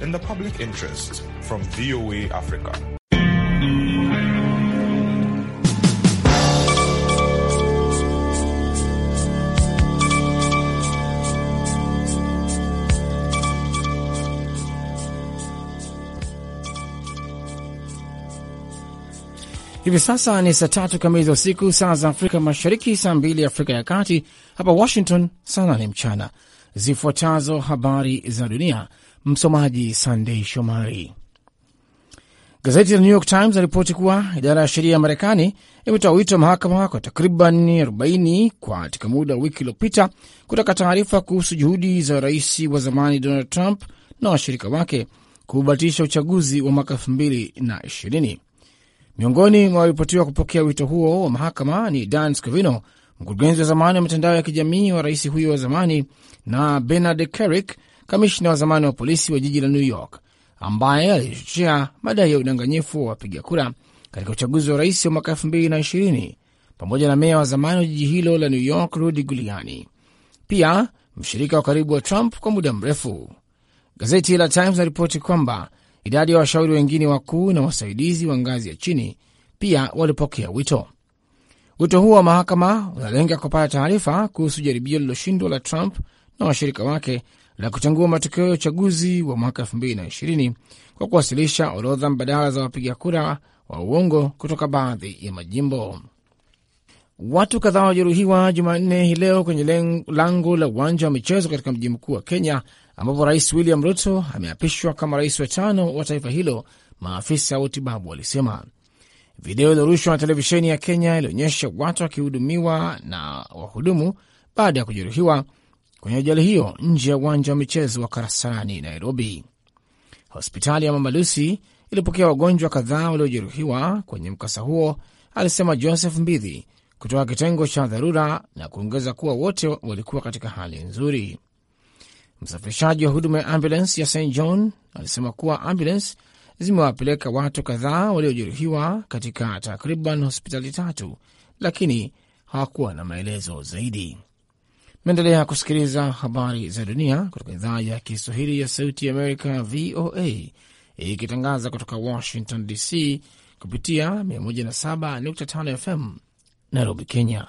in the public interest from VOA Africa. Hivi sasa ni saa tatu kamili za usiku, saa za Afrika Mashariki, saa mbili Afrika ya Kati. Hapa Washington saa nane mchana. Zifuatazo habari za dunia, msomaji Sandei Shomari. Gazeti la New York Times inaripoti kuwa idara ya sheria ya Marekani imetoa wito wa mahakama kwa takriban 40 kwa katika muda wa wiki iliyopita kutaka taarifa kuhusu juhudi za rais wa zamani Donald Trump na washirika wake kubatilisha uchaguzi wa mwaka 2020. Miongoni mwa walipotiwa kupokea wito huo wa mahakama ni Dan Scavino mkurugenzi wa zamani wa mitandao ya kijamii wa rais huyo wa zamani, na Bernard Kerik, kamishna wa zamani wa polisi wa jiji la New York ambaye alichochea madai ya udanganyifu wa wapiga kura katika uchaguzi wa rais wa mwaka elfu mbili na ishirini pamoja na meya wa zamani wa jiji hilo la New York Rudy Giuliani, pia mshirika wa karibu wa Trump kwa muda mrefu. Gazeti la Times naripoti kwamba idadi ya washauri wengine wakuu na wasaidizi wa ngazi ya chini pia walipokea wito. Wito huo wa mahakama unalenga kupata taarifa kuhusu jaribio lililoshindwa la Trump na washirika wake la kutengua matokeo ya uchaguzi wa mwaka 2020 kwa kuwasilisha orodha mbadala za wapiga kura wa uongo kutoka baadhi ya majimbo. Watu kadhaa wajeruhiwa Jumanne hii leo kwenye lango la uwanja wa michezo katika mji mkuu wa Kenya, ambapo Rais William Ruto ameapishwa kama rais wa tano wa taifa hilo, maafisa wa utibabu walisema. Video iliorushwa na televisheni ya Kenya ilionyesha watu wakihudumiwa na wahudumu baada ya kujeruhiwa kwenye ajali hiyo nje ya uwanja wa michezo wa karasarani Nairobi. Hospitali ya Mama Lucy ilipokea wagonjwa kadhaa waliojeruhiwa kwenye mkasa huo, alisema Joseph Mbidhi kutoka kitengo cha dharura, na kuongeza kuwa wote walikuwa katika hali nzuri. Msafirishaji wa huduma ya ambulance ya St John alisema kuwa ambulance zimewapeleka watu kadhaa waliojeruhiwa katika takriban hospitali tatu, lakini hawakuwa na maelezo zaidi. meendelea kusikiliza habari za dunia kutoka idhaa ya Kiswahili ya Sauti ya Amerika, VOA, ikitangaza kutoka Washington DC kupitia 107.5 FM Nairobi, Kenya.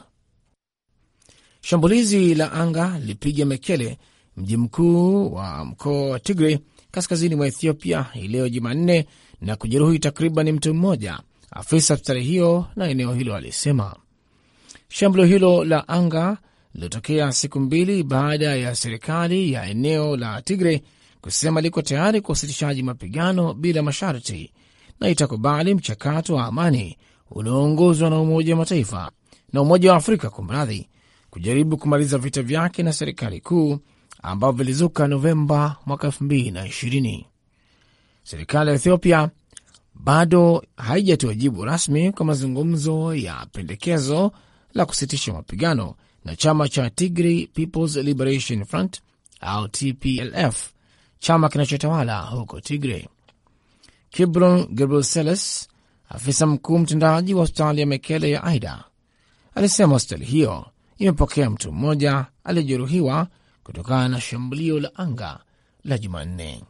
Shambulizi la anga lilipiga Mekele, mji mkuu wa mkoa wa Tigray, kaskazini mwa Ethiopia hii leo Jumanne na kujeruhi takriban mtu mmoja, afisa hospitali hiyo na eneo hilo alisema. Shambulio hilo la anga lilotokea siku mbili baada ya serikali ya eneo la Tigre kusema liko tayari kwa usitishaji mapigano bila masharti na itakubali mchakato wa amani unaoongozwa na Umoja wa Mataifa na Umoja wa Afrika, kumradhi, kujaribu kumaliza vita vyake na serikali kuu ambavyo vilizuka Novemba mwaka ishirini. Serikali ya Ethiopia bado haijatoa jibu rasmi kwa mazungumzo ya pendekezo la kusitisha mapigano na chama cha Tigray People's Liberation Front au TPLF, chama kinachotawala huko Tigray. Kibron Gebreselassie, afisa mkuu mtendaji wa hospitali ya Mekele ya Aida, alisema hospitali hiyo imepokea mtu mmoja aliyejeruhiwa kutokana na shambulio la anga la Jumanne.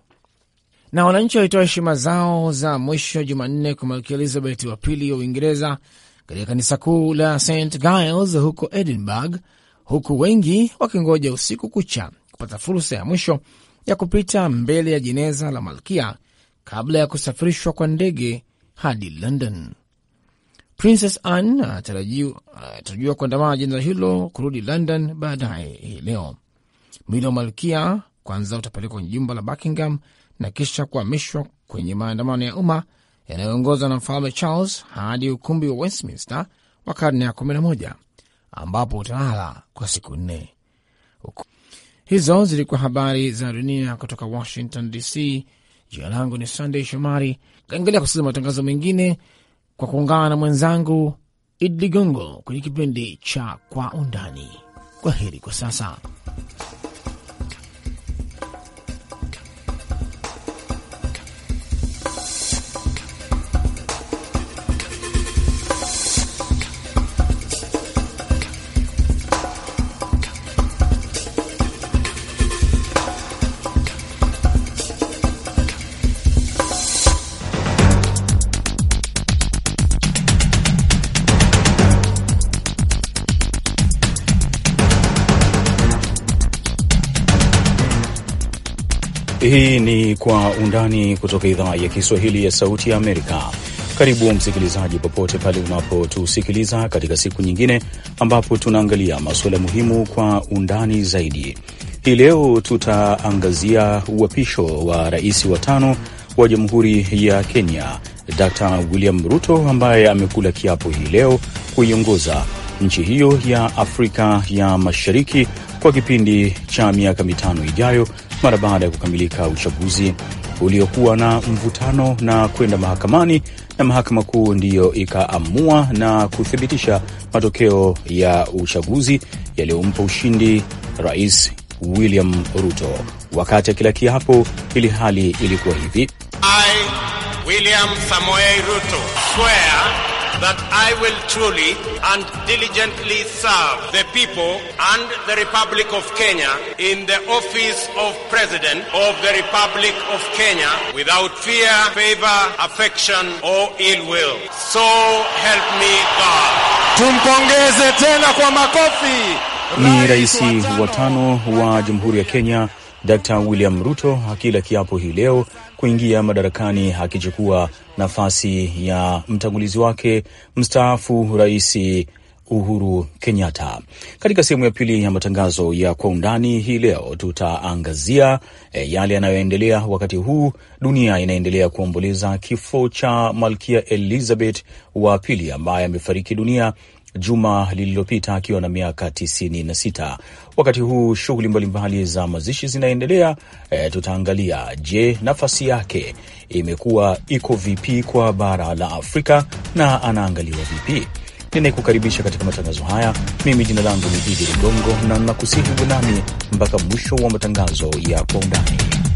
Na wananchi walitoa heshima zao za mwisho Jumanne kwa Malkia Elizabeth wa pili wa Uingereza katika kanisa kuu la St Giles huko Edinburgh, huku wengi wakingoja usiku kucha kupata fursa ya mwisho ya kupita mbele ya jeneza la malkia kabla ya kusafirishwa kwa ndege hadi London. Princess Anne anatarajiwa kuandamana jeneza hilo kurudi London baadaye hii leo. Mwili wa malkia kwanza utapelekwa kwenye jumba la Buckingham na kisha kuhamishwa kwenye maandamano ya umma yanayoongozwa na mfalme Charles hadi ukumbi wa Westminster wa karne ya 11 ambapo utalala kwa siku nne. Hizo zilikuwa habari za dunia kutoka Washington DC. Jina langu ni Sandey Shomari. Kaengelea kusikiliza matangazo mengine kwa kuungana na mwenzangu Idi Ligongo kwenye kipindi cha Kwa Undani. Kwa heri kwa sasa. Hii ni Kwa Undani kutoka idhaa ya Kiswahili ya Sauti ya Amerika. Karibu msikilizaji, popote pale unapotusikiliza katika siku nyingine ambapo tunaangalia masuala muhimu kwa undani zaidi. Hii leo tutaangazia uapisho wa rais wa tano wa Jamhuri ya Kenya, d William Ruto, ambaye amekula kiapo hii leo kuiongoza nchi hiyo ya Afrika ya Mashariki kwa kipindi cha miaka mitano ijayo mara baada ya kukamilika uchaguzi uliokuwa na mvutano na kwenda mahakamani, na mahakama kuu ndiyo ikaamua na kuthibitisha matokeo ya uchaguzi yaliyompa ushindi Rais William Ruto. Wakati akila kiapo, ili hali ilikuwa hivi I, William Samoei Ruto swear that I will truly and diligently serve the people and the Republic of Kenya in the office of President of the Republic of Kenya without fear, favor, affection or ill will. So help me God. Tumpongeze tena kwa makofi. Ni rais wa tano wa Jamhuri ya Kenya Dr. William Ruto akila kiapo hii leo kuingia madarakani akichukua nafasi ya mtangulizi wake mstaafu Rais Uhuru Kenyatta. Katika sehemu ya pili ya matangazo ya kwa undani hii leo tutaangazia e, yale yanayoendelea wakati huu dunia inaendelea kuomboleza kifo cha Malkia Elizabeth wa pili ambaye amefariki dunia juma lililopita akiwa na miaka tisini na sita. Wakati huu shughuli mbalimbali za mazishi zinaendelea. E, tutaangalia je, nafasi yake imekuwa iko vipi kwa bara la Afrika na anaangaliwa vipi? Ninayekukaribisha katika matangazo haya mimi jina langu ni Idi Ligongo, na nakusihi uwe nami mpaka mwisho wa matangazo ya Kwa Undani.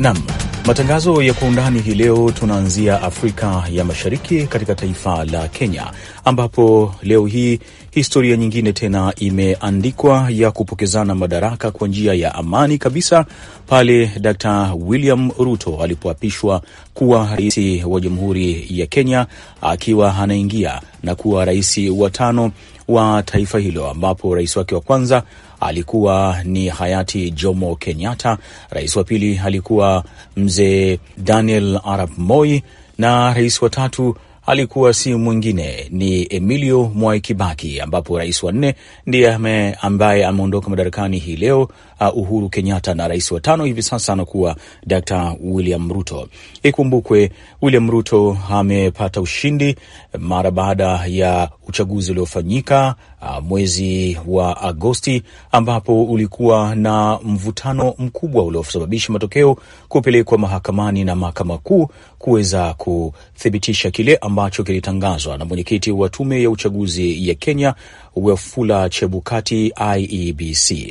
Nam matangazo ya kwa undani hii leo, tunaanzia Afrika ya Mashariki katika taifa la Kenya, ambapo leo hii historia nyingine tena imeandikwa ya kupokezana madaraka kwa njia ya amani kabisa pale Dkt. William Ruto alipoapishwa kuwa rais wa Jamhuri ya Kenya, akiwa anaingia na kuwa rais wa tano wa taifa hilo, ambapo rais wake wa kwanza alikuwa ni hayati Jomo Kenyatta, rais wa pili alikuwa mzee Daniel Arap Moi, na rais wa tatu alikuwa si mwingine ni Emilio Mwai Kibaki, ambapo rais wa nne ndiye ambaye ameondoka madarakani hii leo uh, Uhuru Kenyatta na rais wa tano hivi sasa anakuwa d William Ruto. Ikumbukwe William Ruto amepata ushindi mara baada ya uchaguzi uliofanyika uh, mwezi wa Agosti ambapo ulikuwa na mvutano mkubwa uliosababisha matokeo kupelekwa mahakamani na mahakama kuu kuweza kuthibitisha kile ambacho kilitangazwa na mwenyekiti wa tume ya uchaguzi ya Kenya Wafula Chebukati IEBC.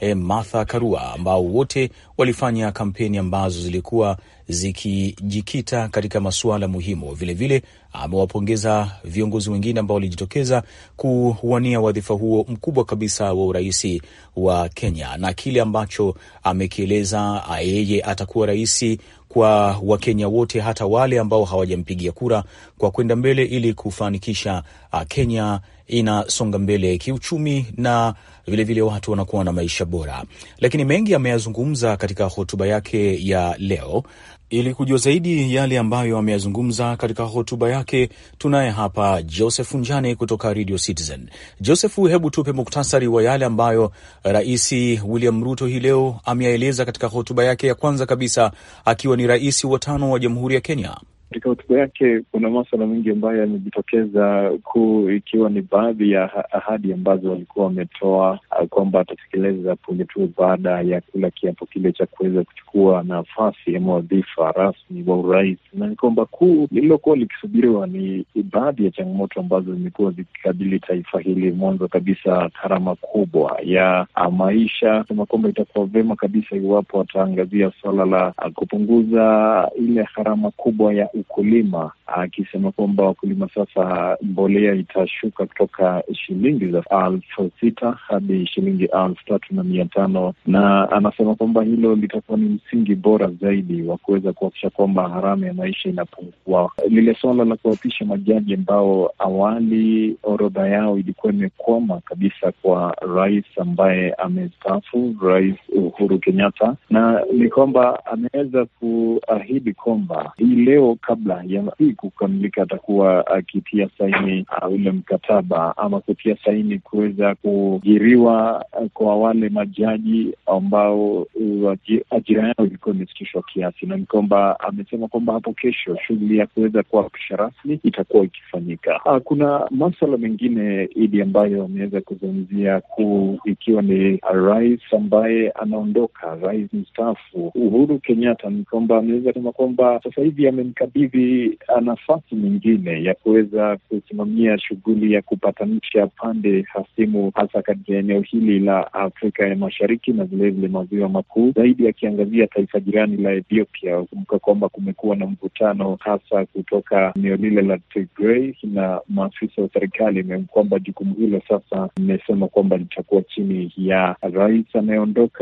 eh, Martha Karua ambao wote walifanya kampeni ambazo zilikuwa zikijikita katika masuala muhimu. Vilevile amewapongeza viongozi wengine ambao walijitokeza kuwania wadhifa huo mkubwa kabisa wa urais wa Kenya, na kile ambacho amekieleza yeye atakuwa rais kwa Wakenya wote hata wale ambao hawajampigia kura kwa kwenda mbele ili kufanikisha Kenya inasonga mbele kiuchumi na vilevile vile watu wanakuwa na maisha bora, lakini mengi ameyazungumza katika hotuba yake ya leo. Ili kujua zaidi yale ambayo ameyazungumza katika hotuba yake, tunaye hapa Joseph Njane kutoka Radio Citizen. Joseph, hebu tupe muktasari wa yale ambayo Rais William Ruto hii leo ameyaeleza katika hotuba yake ya kwanza kabisa akiwa ni rais wa tano wa Jamhuri ya Kenya. Katika hotuba yake kuna maswala mengi ambayo yamejitokeza, kuu ikiwa ni baadhi ya ahadi ambazo walikuwa wametoa ah, kwamba atatekeleza punde tu baada ya kula kiapo kile cha kuweza kuchukua nafasi ama wadhifa rasmi wa urais, na kwamba kuu lililokuwa likisubiriwa ni baadhi ya changamoto ambazo zimekuwa zikikabili taifa hili. Mwanzo kabisa, gharama kubwa ya ah, maisha, sema kwamba itakuwa vema kabisa iwapo ataangazia swala la ah, kupunguza ile gharama kubwa ya ukulima, akisema kwamba wakulima sasa mbolea itashuka kutoka shilingi za elfu sita hadi shilingi elfu tatu na mia tano na anasema kwamba hilo litakuwa ni msingi bora zaidi wa kuweza kuhakikisha kwamba gharama ya maisha inapungua. Lile suala la kuwapisha majaji ambao awali orodha yao ilikuwa imekwama kabisa kwa rais ambaye amestaafu, Rais Uhuru Kenyatta, na ni kwamba ameweza kuahidi kwamba hii leo kabla ya hii kukamilika atakuwa akitia saini uh, ule mkataba ama kutia saini kuweza kuajiriwa uh, kwa wale majaji ambao uh, ajira yao ilikuwa imesitishwa kiasi, na ni kwamba amesema kwamba hapo kesho shughuli ya kuweza kuapisha rasmi itakuwa ikifanyika. Uh, kuna maswala mengine ili ambayo ameweza kuzungumzia kuu, ikiwa ni uh, rais ambaye anaondoka, rais mstaafu Uhuru Kenyatta, ni kwamba ameweza kusema kwamba sasa hivi amemkabili hivi uh, nafasi nyingine ya kuweza kusimamia shughuli ya kupatanisha pande hasimu hasa katika eneo hili la Afrika ya Mashariki na vilevile maziwa makuu, zaidi akiangazia taifa jirani la Ethiopia. Kumbuka kwamba kumekuwa na mvutano hasa kutoka eneo lile la Tigray na maafisa wa serikali kwamba jukumu hilo sasa imesema kwamba litakuwa chini ya rais anayeondoka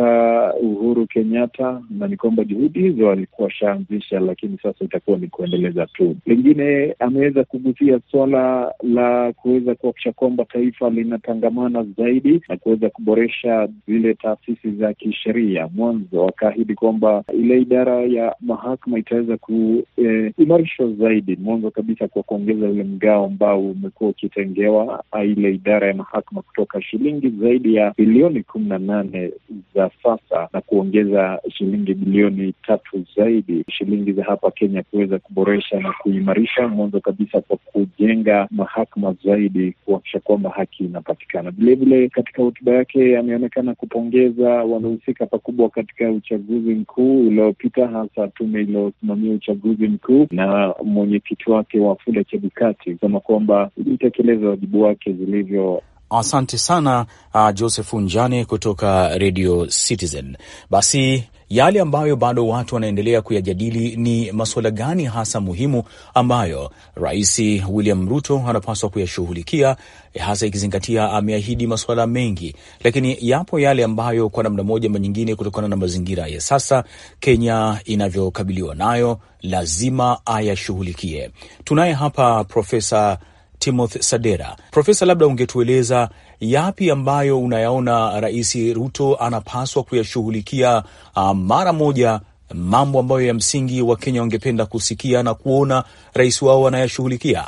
Uhuru Kenyatta, na ni kwamba juhudi hizo alikuwa ashaanzisha, lakini sasa itakuwa ni kuendeleza tu. Pengine ameweza kugusia swala la kuweza kuhakikisha kwamba taifa linatangamana zaidi na kuweza kuboresha zile taasisi za kisheria. Mwanzo akaahidi kwamba ile idara ya mahakama itaweza kuimarishwa eh, zaidi mwanzo kabisa kwa kuongeza ule mgao ambao umekuwa ukitengewa ah, ile idara ya mahakama kutoka shilingi zaidi ya bilioni kumi na nane za sasa na kuongeza shilingi bilioni tatu zaidi shilingi za hapa Kenya kuweza kuboresha na kuimarisha, mwanzo kabisa kwa kujenga mahakama zaidi, kuhakikisha kwamba haki inapatikana. Vilevile katika hotuba yake ameonekana kupongeza wanahusika pakubwa katika uchaguzi mkuu uliopita, hasa tume iliyosimamia uchaguzi mkuu na mwenyekiti wake Wafula Chebukati kusema kwamba ilitekeleza wajibu wake zilivyo Asante sana uh, Josephu Njane kutoka Radio Citizen. Basi yale ambayo bado watu wanaendelea kuyajadili ni masuala gani hasa muhimu ambayo Rais William Ruto anapaswa kuyashughulikia, hasa ikizingatia ameahidi masuala mengi, lakini yapo yale ambayo kwa namna moja ama nyingine, kutokana na mazingira ya sasa Kenya inavyokabiliwa nayo, lazima ayashughulikie. Tunaye hapa Profesa Timothy Sadera. Profesa, labda ungetueleza yapi ambayo unayaona Rais Ruto anapaswa kuyashughulikia uh, mara moja, mambo ambayo ya msingi Wakenya wangependa kusikia na kuona rais wao anayashughulikia?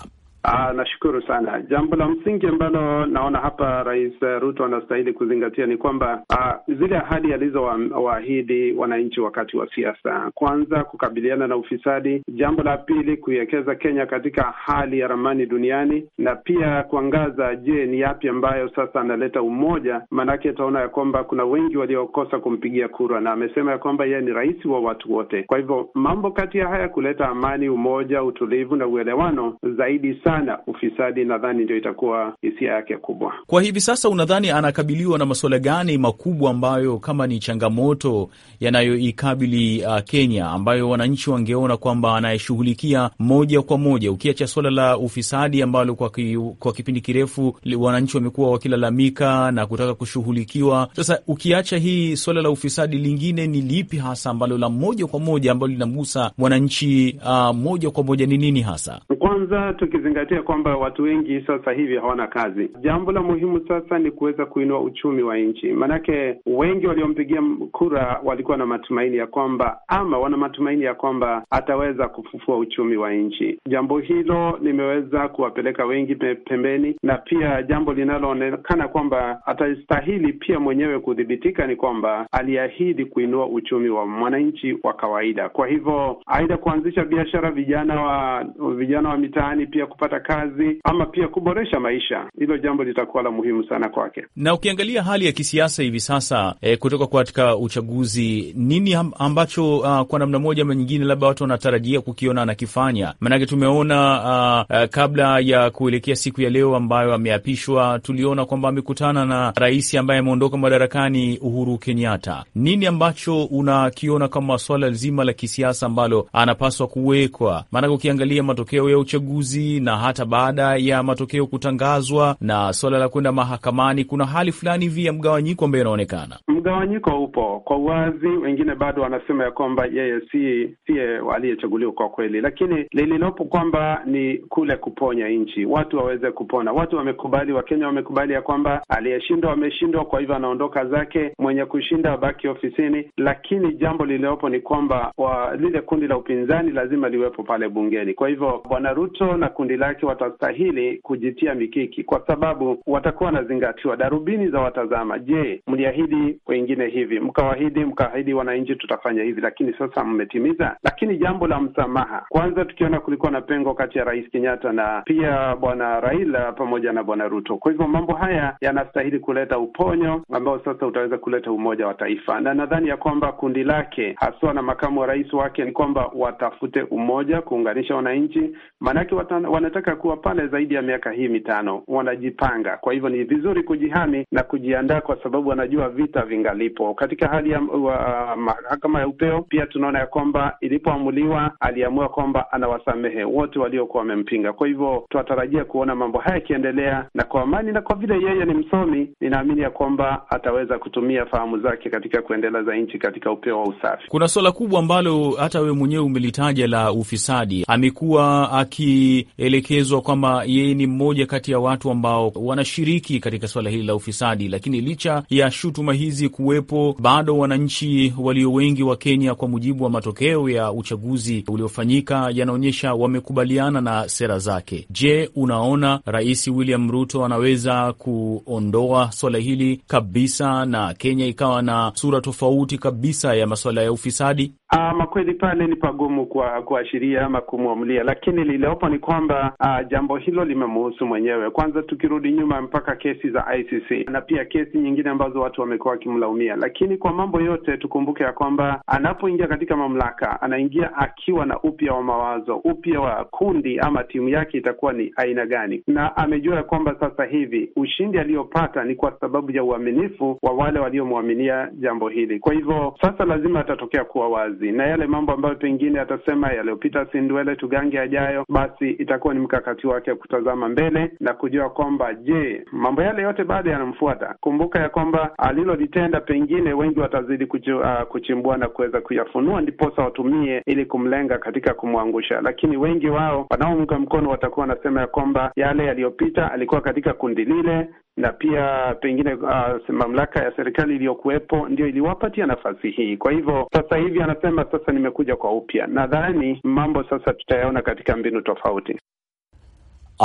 Aa, ah, nashukuru sana. Jambo la msingi ambalo naona hapa Rais eh, Ruto anastahili kuzingatia ni kwamba ah, zile ahadi alizowaahidi wa, wananchi wakati wa siasa, kwanza kukabiliana na ufisadi, jambo la pili kuiwekeza Kenya katika hali ya ramani duniani, na pia kuangaza, je, ni yapi ambayo sasa analeta umoja, maanake ataona ya kwamba kuna wengi waliokosa kumpigia kura, na amesema ya kwamba yeye ni rais wa watu wote. Kwa hivyo mambo kati ya haya kuleta amani, umoja, utulivu na uelewano zaidi sana sana ufisadi, nadhani ndio itakuwa hisia yake kubwa. Kwa hivi sasa, unadhani anakabiliwa na masuala gani makubwa ambayo kama ni changamoto yanayoikabili uh, Kenya ambayo wananchi wangeona kwamba anayeshughulikia moja kwa moja, ukiacha suala la ufisadi ambalo kwa, ki, kwa kipindi kirefu wananchi wamekuwa wakilalamika na kutaka kushughulikiwa. Sasa ukiacha hii suala la ufisadi, lingine ni lipi hasa ambalo la moja kwa moja ambalo linamgusa mwananchi uh, moja kwa moja ni nini hasa? Kwanza tukizingatia kwamba watu wengi sasa hivi hawana kazi, jambo la muhimu sasa ni kuweza kuinua uchumi wa nchi, maanake wengi waliompigia kura walikuwa na matumaini ya kwamba ama wana matumaini ya kwamba ataweza kufufua uchumi wa nchi. Jambo hilo limeweza kuwapeleka wengi pembeni, na pia jambo linaloonekana kwamba atastahili pia mwenyewe kudhibitika ni kwamba aliahidi kuinua uchumi wa mwananchi wa kawaida. Kwa hivyo aidha kuanzisha biashara, vijana wa vijana wa mitaani, pia kupata kazi ama pia kuboresha maisha. Hilo jambo litakuwa la muhimu sana kwake. Na ukiangalia hali ya kisiasa hivi sasa eh, kutoka katika uchaguzi, nini ambacho uh, kwa namna moja ama nyingine labda watu wanatarajia kukiona anakifanya? Maanake tumeona uh, uh, kabla ya kuelekea siku ya leo ambayo ameapishwa, tuliona kwamba amekutana na rais ambaye ameondoka madarakani Uhuru Kenyatta. Nini ambacho unakiona kama swala zima la kisiasa ambalo anapaswa kuwekwa? Maanake ukiangalia matokeo ya uchaguzi na hata baada ya matokeo kutangazwa na suala la kwenda mahakamani, kuna hali fulani hivi ya mgawanyiko ambayo inaonekana. Mgawanyiko upo kwa uwazi wengine bado wanasema ya kwamba yeye si siye aliyechaguliwa kwa kweli, lakini lililopo kwamba ni kule kuponya nchi, watu waweze kupona. Watu wamekubali, Wakenya wamekubali ya kwamba aliyeshindwa ameshindwa, kwa hivyo anaondoka zake, mwenye kushinda abaki ofisini. Lakini jambo lililopo ni kwamba wa, lile kundi la upinzani lazima liwepo pale bungeni. Kwa hivyo bwana na Ruto na kundi lake watastahili kujitia mikiki, kwa sababu watakuwa wanazingatiwa. Darubini za watazama, je, mliahidi wengine hivi, mkawahidi mkaahidi wananchi tutafanya hivi, lakini sasa mmetimiza? Lakini jambo la msamaha kwanza, tukiona kulikuwa na pengo kati ya Rais Kenyatta na pia Bwana Raila pamoja na Bwana Ruto. Kwa hivyo mambo haya yanastahili kuleta uponyo ambao sasa utaweza kuleta umoja wa taifa, na nadhani ya kwamba kundi lake haswa na makamu wa rais wake ni kwamba watafute umoja, kuunganisha wananchi maanake wanataka kuwa pale zaidi ya miaka hii mitano, wanajipanga. Kwa hivyo ni vizuri kujihami na kujiandaa, kwa sababu wanajua vita vingalipo. Katika hali ya uh, mahakama ya upeo pia tunaona ya kwamba ilipoamuliwa, aliamua kwamba anawasamehe wote waliokuwa wamempinga. Kwa hivyo tunatarajia kuona mambo haya yakiendelea na kwa amani, na kwa vile yeye ni msomi, ninaamini ya kwamba ataweza kutumia fahamu zake katika kuendeleza nchi katika upeo wa usafi. Kuna suala kubwa ambalo hata wewe mwenyewe umelitaja la ufisadi. Amekuwa akielekezwa kwamba yeye ni mmoja kati ya watu ambao wanashiriki katika suala hili la ufisadi. Lakini licha ya shutuma hizi kuwepo, bado wananchi walio wengi wa Kenya, kwa mujibu wa matokeo ya uchaguzi uliofanyika, yanaonyesha wamekubaliana na sera zake. Je, unaona Rais William Ruto anaweza kuondoa swala hili kabisa na Kenya ikawa na sura tofauti kabisa ya masuala ya ufisadi? Ah, ama kweli pale ni pagumu kwa kuashiria ama kumwamulia, lakini lililopo ni kwamba uh, jambo hilo limemuhusu mwenyewe. Kwanza tukirudi nyuma mpaka kesi za ICC na pia kesi nyingine ambazo watu wamekuwa wakimlaumia, lakini kwa mambo yote tukumbuke ya kwamba anapoingia katika mamlaka anaingia akiwa na upya wa mawazo, upya wa kundi ama timu yake itakuwa ni aina gani, na amejua ya kwamba sasa hivi ushindi aliyopata ni kwa sababu ya uaminifu wa wale waliomwaminia jambo hili. Kwa hivyo sasa lazima atatokea kuwa wazi uchaguzi, na yale mambo ambayo pengine atasema yaliyopita si ndwele, tugange yajayo, basi itakuwa ni mkakati wake kutazama mbele na kujua kwamba je, mambo yale yote bado yanamfuata. Kumbuka ya kwamba alilolitenda pengine wengi watazidi kuchu, uh, kuchimbua na kuweza kuyafunua, ndiposa watumie ili kumlenga katika kumwangusha, lakini wengi wao wanaomunga mkono watakuwa wanasema ya kwamba yale yaliyopita alikuwa katika kundi lile na pia pengine uh, mamlaka ya serikali iliyokuwepo ndio iliwapatia nafasi hii. Kwa hivyo sasa hivi anasema sasa nimekuja kwa upya. Nadhani mambo sasa tutayaona katika mbinu tofauti.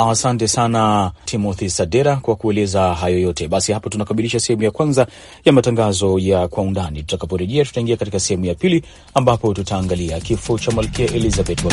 Asante sana Timothy Sadera kwa kueleza hayo yote. Basi hapo tunakamilisha sehemu ya kwanza ya matangazo ya kwa undani. Tutakaporejea tutaingia katika sehemu ya pili ambapo tutaangalia kifo cha Malkia Elizabeth wa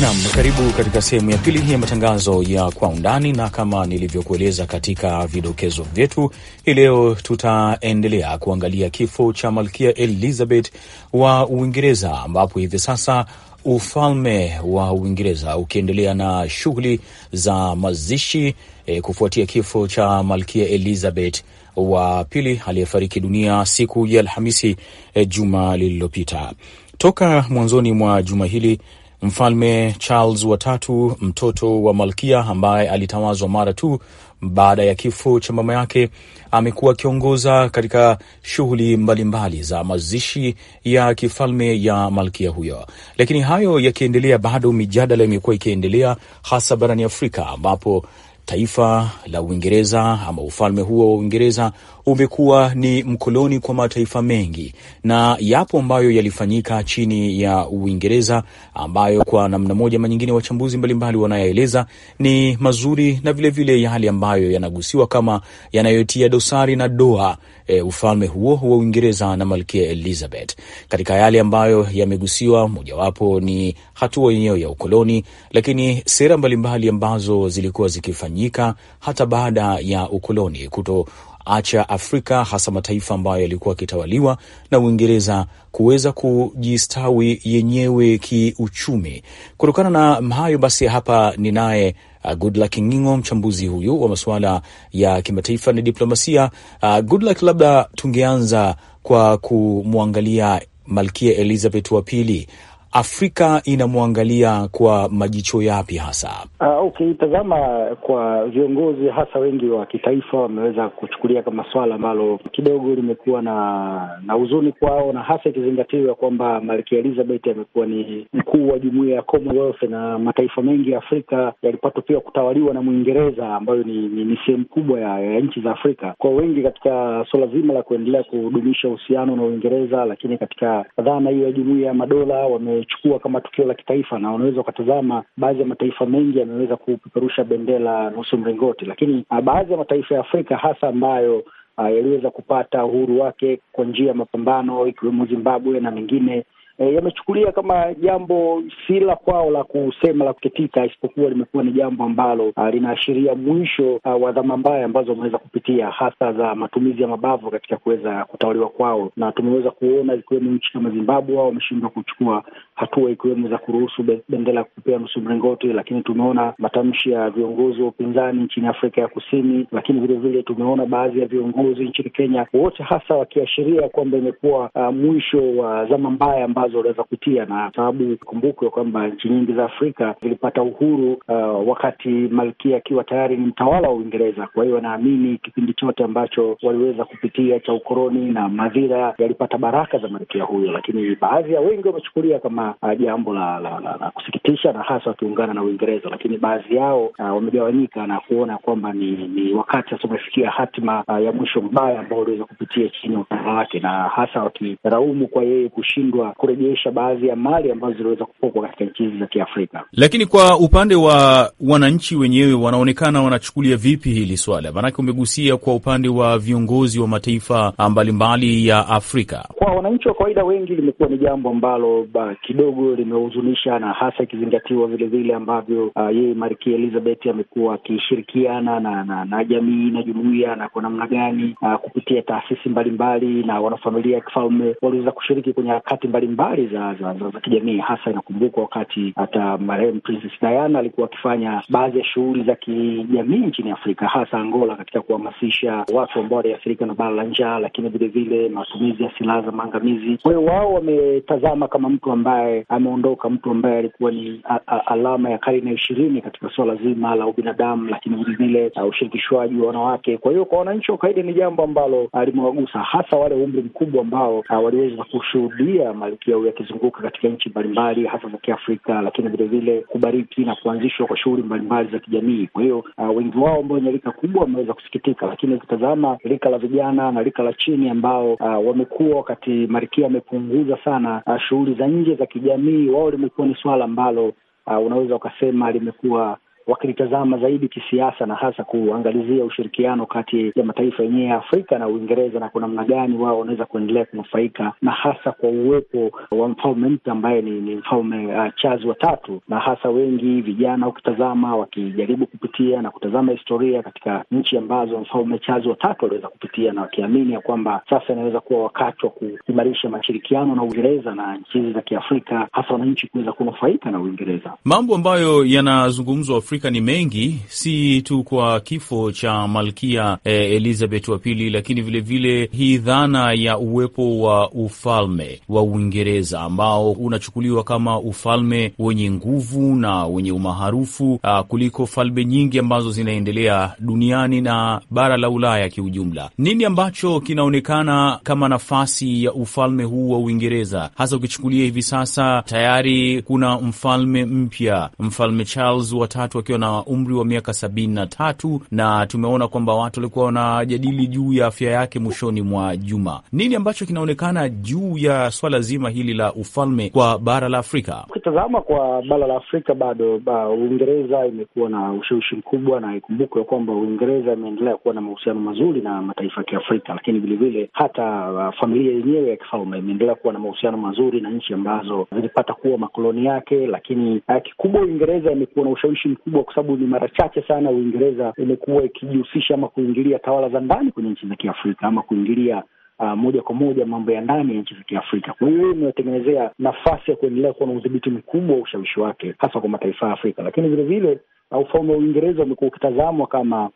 Nam, karibu katika sehemu ya pili ya matangazo ya kwa undani, na kama nilivyokueleza katika vidokezo vyetu, hii leo tutaendelea kuangalia kifo cha Malkia Elizabeth wa Uingereza, ambapo hivi sasa ufalme wa Uingereza ukiendelea na shughuli za mazishi e, kufuatia kifo cha Malkia Elizabeth wa pili aliyefariki dunia siku ya Alhamisi e, juma lililopita. Toka mwanzoni mwa juma hili Mfalme Charles watatu mtoto wa malkia ambaye alitawazwa mara tu baada ya kifo cha mama yake, amekuwa akiongoza katika shughuli mbalimbali za mazishi ya kifalme ya malkia huyo. Lakini hayo yakiendelea, bado mijadala imekuwa ikiendelea, hasa barani Afrika ambapo taifa la Uingereza ama ufalme huo wa Uingereza umekuwa ni mkoloni kwa mataifa mengi, na yapo ambayo yalifanyika chini ya Uingereza ambayo kwa namna moja ama nyingine wachambuzi mbalimbali wanayaeleza ni mazuri na vilevile vile yale ambayo yanagusiwa kama yanayotia dosari na doa E, ufalme huo wa Uingereza na Malkia Elizabeth. Katika yale ambayo yamegusiwa, mojawapo ni hatua yenyewe ya ukoloni, lakini sera mbalimbali ambazo zilikuwa zikifanyika kufanyika hata baada ya ukoloni kuto acha Afrika, hasa mataifa ambayo yalikuwa yakitawaliwa na Uingereza kuweza kujistawi yenyewe kiuchumi. Kutokana na hayo basi, hapa ninaye Uh, Goodluck Ngingo, mchambuzi huyu wa masuala ya kimataifa na diplomasia. Uh, Goodluck, labda tungeanza kwa kumwangalia Malkia Elizabeth wa pili Afrika inamwangalia kwa majicho yapi hasa? Ah, ukitazama uh, okay, kwa viongozi hasa wengi wa kitaifa wameweza kuchukulia kama swala ambalo kidogo limekuwa na na huzuni kwao, na hasa ikizingatiwa kwamba Malkia Elizabeth amekuwa ni mkuu wa jumuia ya Commonwealth na mataifa mengi ya Afrika yalipatwa pia kutawaliwa na Mwingereza ambayo ni, ni, ni sehemu kubwa ya, ya nchi za Afrika. Kwa wengi katika suala zima la kuendelea kudumisha uhusiano na Uingereza, lakini katika dhana hiyo ya jumuia ya madola wame wanalichukua kama tukio la kitaifa, na unaweza ukatazama baadhi ya mataifa mengi yameweza kupeperusha bendera nusu mlingoti, lakini ah, baadhi ya mataifa ya Afrika hasa ambayo ah, yaliweza kupata uhuru wake kwa njia ya mapambano ikiwemo Zimbabwe na mengine e, yamechukulia kama jambo si la kwao la kusema la kuketika, isipokuwa limekuwa ni jambo ambalo ah, linaashiria mwisho ah, wa dhama mbaya ambazo wameweza kupitia hasa za matumizi ya mabavu katika kuweza kutawaliwa kwao, na tumeweza kuona ikiwemo nchi kama Zimbabwe wao wameshindwa kuchukua hatua ikiwemo za kuruhusu bendera ya nusu mlingoti, lakini tumeona matamshi ya viongozi wa upinzani nchini Afrika ya Kusini, lakini vilevile tumeona baadhi ya viongozi nchini Kenya, wote hasa wakiashiria kwamba imekuwa uh, mwisho wa uh, mbaya ambazo unaweza kutia, na sababu kumbukwe kwamba nchi nyingi za Afrika zilipata uhuru uh, wakati malkia akiwa tayari ni mtawala wa Uingereza. Kwa hiyo wanaamini kipindi chote ambacho waliweza kupitia cha ukoloni na madhira yalipata baraka za malkia huyo, lakini baadhi ya wengi wamechukulia kama uh, jambo la, la, la, la kusikitisha, na hasa wakiungana na Uingereza, lakini baadhi yao uh, wamegawanyika na kuona kwamba ni, ni wakati sasa umefikia hatima uh, ya mwisho mbaya ambao waliweza kupitia chini ya utawala wake, na hasa wakiraumu kwa yeye kushindwa kure kurejesha baadhi ya mali ambazo ziliweza kupokwa katika nchi hizi za Kiafrika. Lakini kwa upande wa wananchi wenyewe wanaonekana wanachukulia vipi hili swala? Maanake umegusia kwa upande wa viongozi wa mataifa mbalimbali ya Afrika, kwa wananchi wa kawaida wengi lime limekuwa ni jambo ambalo kidogo limehuzunisha na hasa ikizingatiwa vilevile ambavyo uh, yeye Malkia Elizabeth amekuwa akishirikiana na, na, na jamii na jumuia na kwa namna gani uh, kupitia taasisi mbalimbali mbali, na wanafamilia ya kifalme waliweza kushiriki kwenye harakati mbalimbali za, za, za, za kijamii. Hasa inakumbukwa wakati hata marehemu Princess Diana alikuwa akifanya baadhi ya shughuli za kijamii nchini Afrika hasa Angola katika kuhamasisha watu ambao waliathirika na bara la njaa, lakini vilevile matumizi ya silaha za maangamizi. Kwa hiyo wao ametazama kama mtu ambaye ameondoka, mtu ambaye alikuwa ni alama ya karne ishirini katika suala zima la ubinadamu, lakini vilevile uh, ushirikishwaji wa wanawake. Kwa hiyo kwa wananchi wa kawaida ni jambo ambalo limewagusa hasa wale umri mkubwa ambao uh, waliweza kushuhudia malkia huyo akizunguka katika nchi mbalimbali hasa za Kiafrika, lakini vilevile kubariki na kuanzishwa kwa shughuli mbalimbali za kijamii. Kwa hiyo uh, wengi wao ambao wenye rika kubwa wameweza kusikitika, lakini ukitazama rika la vijana na rika la chini ambao wamekuwa wakati malkia amepunguza kubwa sana uh, shughuli za nje za kijamii, wao limekuwa ni swala ambalo uh, unaweza ukasema limekuwa wakilitazama zaidi kisiasa na hasa kuangalizia ushirikiano kati ya mataifa yenyewe ya Afrika na Uingereza na kwa namna gani wao wanaweza kuendelea kunufaika na hasa kwa uwepo wa mfalme mpya ambaye ni, ni mfalme uh, Charles wa tatu, na hasa wengi vijana ukitazama wakijaribu kupitia na kutazama historia katika nchi ambazo mfalme Charles wa tatu aliweza kupitia na wakiamini ya kwamba sasa inaweza kuwa wakati wa kuimarisha mashirikiano na Uingereza na nchi hizi za Kiafrika hasa wananchi kuweza kunufaika na Uingereza, mambo ambayo yanazungumzwa Afrika Afrika ni mengi, si tu kwa kifo cha malkia eh, Elizabeth wa pili, lakini vilevile hii dhana ya uwepo wa ufalme wa Uingereza ambao unachukuliwa kama ufalme wenye nguvu na wenye umaharufu ah, kuliko falme nyingi ambazo zinaendelea duniani na bara la Ulaya kiujumla. Nini ambacho kinaonekana kama nafasi ya ufalme huu wa Uingereza, hasa ukichukulia hivi sasa tayari kuna mfalme mpya, mfalme Charles watatu wa wakiwa na umri wa miaka sabini na tatu na tumeona kwamba watu walikuwa wanajadili juu ya afya yake mwishoni mwa juma. Nini ambacho kinaonekana juu ya swala zima hili la ufalme kwa bara la Afrika? Ukitazama kwa bara la Afrika bado ba, Uingereza imekuwa na ushawishi mkubwa, na ikumbukwe kwamba Uingereza imeendelea kuwa na mahusiano mazuri na mataifa ya Kiafrika, lakini vilevile hata uh, familia yenyewe ya kifalme imeendelea kuwa na mahusiano mazuri na nchi ambazo zilipata kuwa makoloni yake, lakini uh, kikubwa Uingereza imekuwa na ushawishi mkubwa kubwa, kwa sababu ni mara chache sana Uingereza imekuwa ikijihusisha ama kuingilia tawala za ndani kwenye nchi za Kiafrika ama kuingilia Uh, moja kwa moja mambo ya ndani ya nchi za Kiafrika. Kwa hiyo imewatengenezea nafasi ya kuendelea kuwa na udhibiti mkubwa wa ushawishi wake hasa kwa mataifa ya Afrika, lakini vilevile uh, ufalme wa Uingereza umekuwa ukitazamwa kama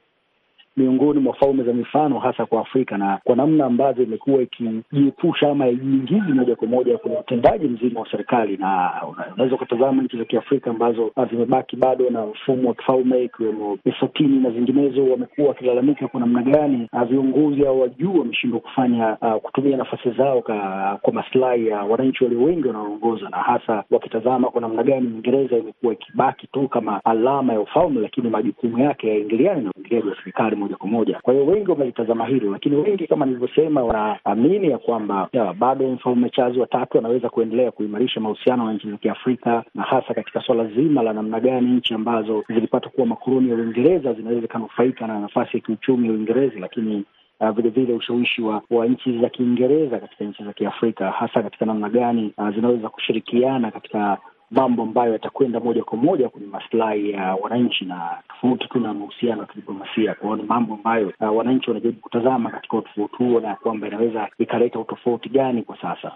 miongoni mwa falme za mifano hasa kwa Afrika na kwa namna ambavyo imekuwa ikijiepusha ama iingizi moja kwa moja kwenye utendaji mzima wa serikali, na unaweza ukatazama nchi za Kiafrika ambazo zimebaki bado na mfumo wa kifalme ikiwemo Eswatini na zinginezo, wamekuwa wakilalamika kwa namna gani uh, viongozi hao wa juu wameshindwa kufanya uh, kutumia nafasi zao ka, kwa masilahi ya uh, wananchi walio wengi wanaoongoza, na hasa wakitazama kwa namna gani Uingereza imekuwa ikibaki tu kama alama ya ufalme, lakini majukumu yake yaingiliani na uingiliaji wa serikali moja kwa moja. Kwa hiyo wengi wamelitazama hilo, lakini wengi kama nilivyosema, wanaamini ya kwamba bado mfalme Chazi wa tatu anaweza kuendelea kuimarisha mahusiano na nchi za Kiafrika na hasa katika swala zima la namna gani nchi ambazo zilipata kuwa makoloni ya Uingereza zinaweza ikanufaika na nafasi ya kiuchumi ya Uingereza, lakini Uh, vilevile ushawishi wa, wa nchi za Kiingereza katika nchi za Kiafrika hasa katika namna gani uh, zinaweza kushirikiana katika mambo ambayo yatakwenda moja kwa moja kwenye masilahi ya uh, wananchi na tofauti tu na mahusiano ya kidiplomasia. Kwa hiyo ni mambo ambayo uh, wananchi wanajaribu kutazama katika utofauti huo na kwamba inaweza ikaleta utofauti gani kwa sasa.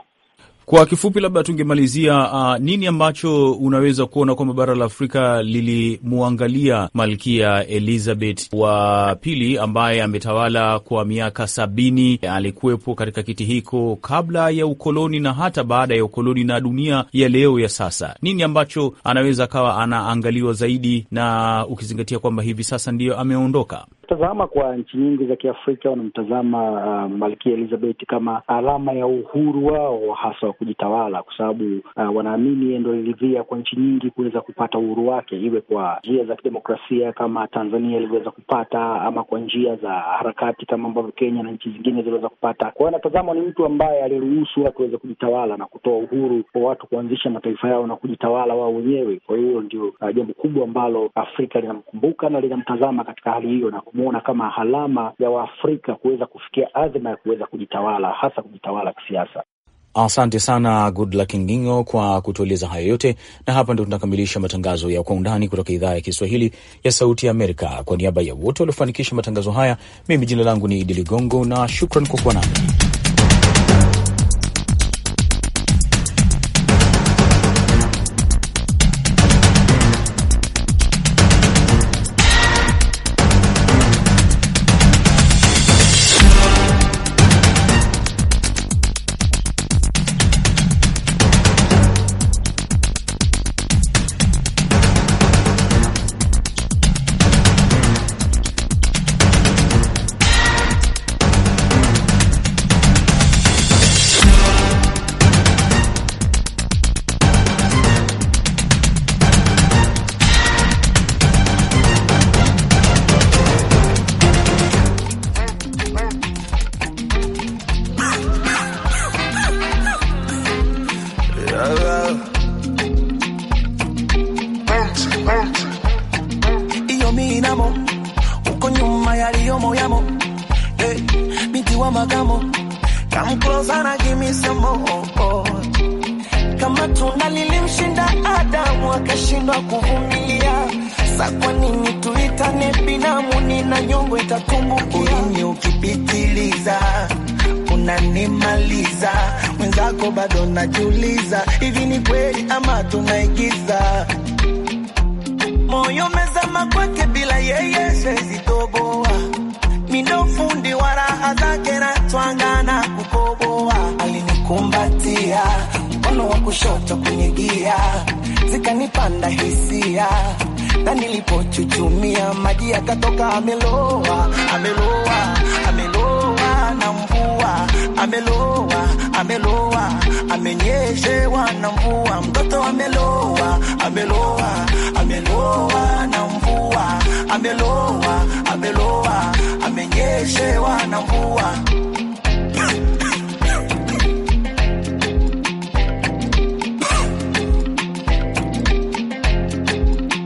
Kwa kifupi labda tungemalizia uh, nini ambacho unaweza kuona kwamba bara la Afrika lilimwangalia Malkia Elizabeth wa pili ambaye ametawala kwa miaka sabini. Alikuwepo katika kiti hiko kabla ya ukoloni na hata baada ya ukoloni na dunia ya leo ya sasa. Nini ambacho anaweza akawa anaangaliwa zaidi, na ukizingatia kwamba hivi sasa ndiyo ameondoka? Tazama kwa nchi nyingi za Kiafrika wanamtazama uh, Malkia Elizabeth kama alama ya uhuru wao hasa wa kujitawala, kwa sababu uh, wanaamini yeye ndo kwa nchi nyingi kuweza kupata uhuru wake, iwe kwa njia za kidemokrasia kama Tanzania ilivyoweza kupata, ama kwa njia za harakati kama ambavyo Kenya na nchi zingine ziliweza kupata. Kwa hiyo anatazama ni mtu ambaye aliruhusu watu waweze kujitawala na kutoa uhuru kwa watu kuanzisha mataifa yao na kujitawala wao wenyewe. Kwa hiyo ndio uh, jambo kubwa ambalo Afrika linamkumbuka na linamtazama katika hali hiyo na kumwona kama alama ya Waafrika kuweza kufikia adhima ya kuweza kujitawala, hasa kujitawala kisiasa. Asante sana Goodluck Ngingo kwa kutueleza hayo yote, na hapa ndo tunakamilisha matangazo ya Kwa Undani kutoka idhaa ya Kiswahili ya Sauti ya Amerika. Kwa niaba ya wote waliofanikisha matangazo haya, mimi jina langu ni Idi Ligongo na shukran kwa kuwa nami. porini ukipitiliza unanimaliza, mwenzako bado najiuliza, hivi ni kweli ama tunaigiza? Moyo mezama kwake, bila yeye siwezi toboa, mindo fundi wa raha zake na twanga na kukoboa. Alinikumbatia mkono wa kushoto kwenye gia, zikanipanda hisia na nilipochuchumia maji akatoka, ameloa ameloa ameloa na mvua, ameloa ameloa amenyeshewa na mvua, mtoto ameloa ameloa ameloa na mvua, ameloa ameloa amenyeshewa na mvua